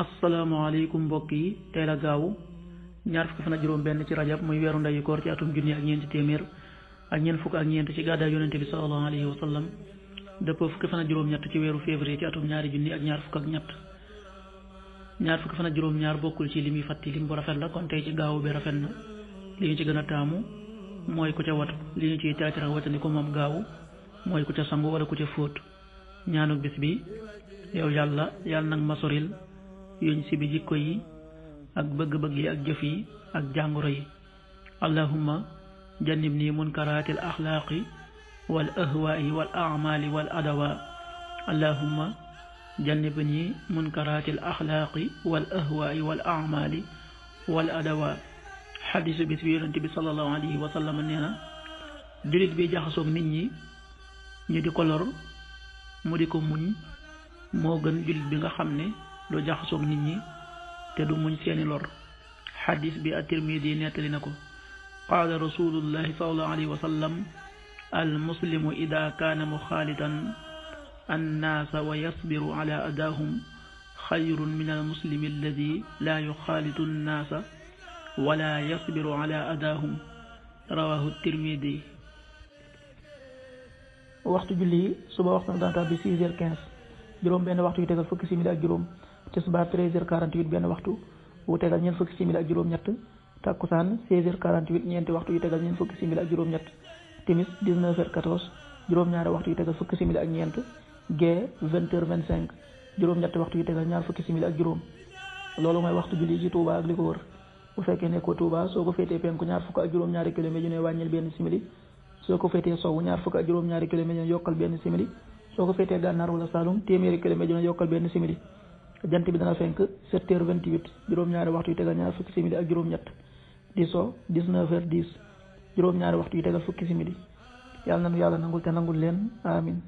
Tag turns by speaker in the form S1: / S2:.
S1: asalaamaaleykum mbokk yi tey la gaawu ñaar fukki fan juróom benn ci rajab muy weeru ndeyu koor ci atum junni ak ñeenti téeméer ak ñeent fukk ak ñeent ci gàddaay yonente bi sallallahu alayhi wa sallam dëppoo fukki fan ak juróom-ñett ci weeru février ci atum ñaari junni ak ñaar fukk ak ñett ñaar fukki fan ak bokkul ci li muy fàtti lim bu rafet la kon tey ci gaawu bi rafet na li ñu ci gën a taamu mooy ku ca watu li ñu ciy teetara watandi ko moom gaawu mooy ku ca sangu wala ku ca fóot ñaanu bis bi yow yàlla yàlla nag ma soril yuñ sibi jikko yi ak bëgg-bëgg yi ak jëf yi ak jàngoro yi allahumma jannib nii munkaraati al axlaaqi wal ahwaai wal amali adawa allahumma jannib nii munkaraati al axlaaqi wal ahwaai wal amali adawa xadisu bi yonente bi salallahu alayhi wa sallam nee na jullit bi jaxasoog nit ñi ñu di ko lor mu di ko muñ moo gën jullit bi nga xam ne doo jaxasoog nit ñi te du muñ seeni lor xadis bi at-Tirmidi nettali na ko qaala rasulullahi sallallahu alayhi wa sallam almuslimu ida kaana muxaalitan annaasa wa yasbiru ala adaahum xayrun min almuslimi alladi laa yuxaalitu annaasa wala yasbiru ala adaahum rawahu tirmidi waxtu julli suba waxtu na daan tàbbi six heures quinze juróom benn waxtu yu tegal fukki simili ak juróom ci suba 13h48 benn waxtu wu tegal ñeent fukki simili ak juróom-ñett takkusaan 16h48 ñeenti waxtu yi tegal ñeent fukki simili ak juróom-ñett timis 19h14 ñaari waxtu yu tegal fukki simili ak ñeent gee 20h25 juróom-ñett waxtu yu tegal ñaar fukki simili ak juróom loolu mooy waxtu julli ci Touba ak li ko wër bu fekkee nekkoo soo ko féetee penku ñaar fukk ak juróom-ñaari kilomètres yu ne wàññil benn simili soo ko féetee sowwu ñaar fukk ak juróom-ñaari kilomètres benn simili soo ko féetee gànnaar wala Saalum téeméeri kilomètres ne yokkal benn simili jant bi dana fenk 7 heures 28 juróom-ñaari waxtu yu tegal ñaar fukki simili ak juróom-ñett di so 19 heures 10 juróom-ñaari waxtu yu tegal fukki simili yàlla na nu yàlla nangul te nangul leen amin